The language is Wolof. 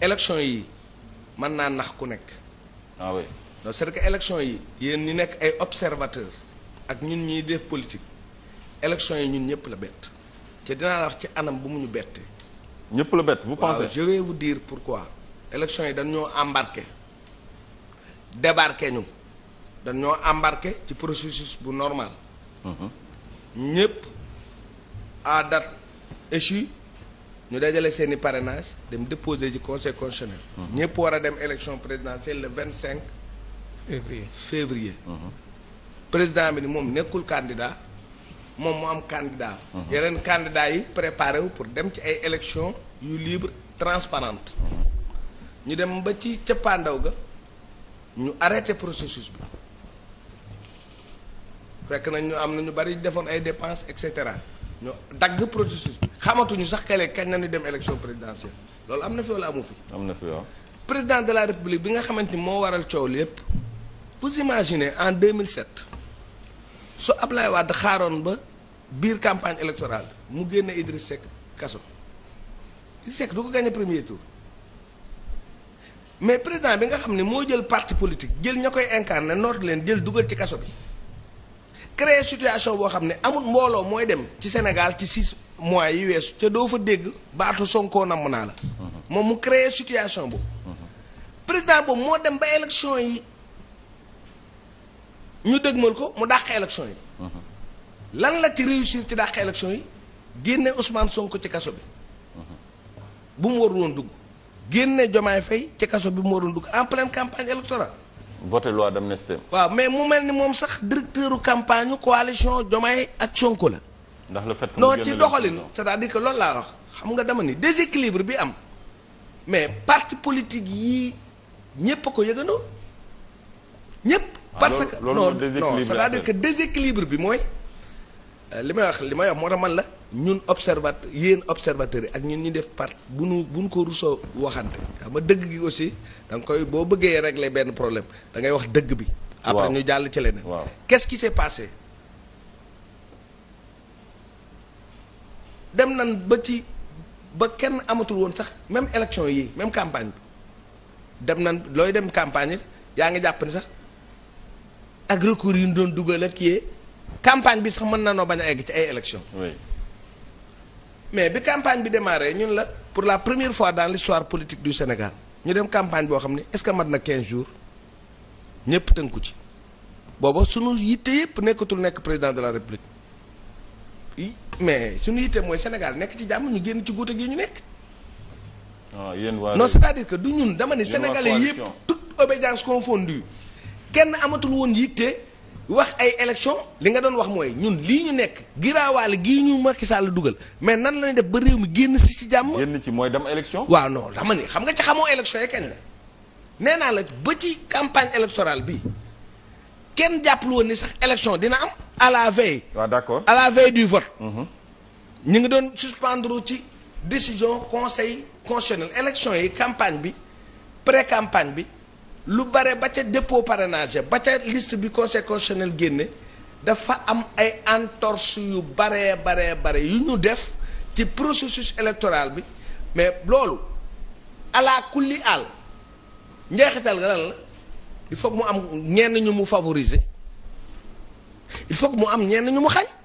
élection yi mën naa nax ku nekk. ah oui non que élection yi yéen ñi nekk ay observateur ak ñun ñuy def politique élection yi ñun ñëpp la bett te dinaa wax ci anam bu mu ñu bettee. ñëpp la bett vous pensez waaw je vais vous dire pourquoi. élection yi dañoo embarqué débarqué ñu dañoo embarqué ci processus bu normal. Mm-hmm. ñëpp à date ñu dajale seeni i dem déposé ci conseil constitutionnel. Mhm. ñëpp war a dem élection présidentielle le vingt cinq. février février. Mhm. président bi ni moom nekkul candidat moom mu am candidat. Mhm. yeneen candidat yi préparé wu pour dem ci ay élection yu libre transparente ñu dem ba ci ca cëppaandaw ga ñu arrêté processus bi. fekk nañ ñu am na ñu bari defoon ay dépenses et cetera ñu dagg processus bi. xamatuñu sax kale kañ na ni dem élection présidentielle loolu am na fi wala amu fi. am na fi président de la république bi nga xamante ni moo waral coow lépp vous imaginez en 2007 su Ablaye Wade xaaroon ba biir campagne électorale mu génne Idriss Seck kaso Idriss Seck du ko gagné premier tour mais président bi nga xam ne moo jël parti politique jël ña koy incarné noot leen jël dugal ci kaso bi. créer situation boo xam ne amul mbooloo mooy dem ci Sénégal ci six mois yi weesu te doo fa dégg baatu sonkoo namm naa la moom mu créer situation boobu président boobu moo dem ba élection yi ñu mal ko mu dàq élection yi lan la ci réussir ci dàq élection yi génne Ousmane sonk ci kaso bi bu mu woon dugg génne Diomaye Faye ci kaso bi mu waroon dugg en pleine campagne électorale voté loi d'amnistie waaw mais mu mel ni moom sax directeur campagne coalition Diomaye ak Sonko la. ndax le fait que non ci doxalin c'est-à-dire que loolu laa wax xam nga dama ni déséquilibre bi am mais parti politique yi ñépp a ko yëgandoo ñépp ah, parce que non non c'est-à-dire bi mooy euh, li may wax li may wax moo tax man la. ñun observateur yéen observateurs yi ak ñun ñu def part bu nu bu nu ko rusoo waxante xam nga dëgg gi aussi da nga koy boo bëggee régler benn problème da ngay wax dëgg bi. après ñu jàll ci leneen. waaw qu'est-ce qui s'est passé. dem nan ba ci ba kenn amatul woon sax même élection yi même campagne bi dem nan looy dem campagne yaa ngi jàpp ni sax ak recours yu ñu doon dugal ak kii campagne bi sax mën na noo bañ a egg ci ay élection mais bi campagne bi démarré ñun la pour la première fois dans l'histoire politique du Sénégal ñu dem campagne boo xam ne est-ce que mat na 15 jours ñëpp tënku ci booba suñu yitte yëpp nekkatul nekk président de la république mais suñu yitte mooy Sénégal nekk ci jàmm ñu génn ci guute gi ñu nekk. non c'est-à-dire que du ñun dama ne sénégalais yëpp toute obédience confondue kenn amatul woon yitte. wax ay election li nga doon wax mooy ñun lii ñu nekk giraawaale gii ñu Macky Sall dugal mais nan la def ba réew mi génn si ci jàmm. génn ci mooy dem élection. waaw non dama ni xam nga ci xamoo élection yi kañ la naa la ba ci campagne électorale bi kenn jàppale woon ni sax élection dina am à la veille. waaw d'accord à la veille du vote. Mhm. ñu ngi doon suspendre ci décision conseil constitutionnel élection yi campagne bi pré campagne bi. lu bare ba ca dépôt parenager ba ca liste bi conseil constitutionnel génne dafa am ay entorse yu baree baree bare yu ñu def ci processus électoral bi mais loolu ala kulli àll njeexital gaa lan la il faut mu am ñenn ñu mu favoriser il faut mu am ñenn ñu mu xañ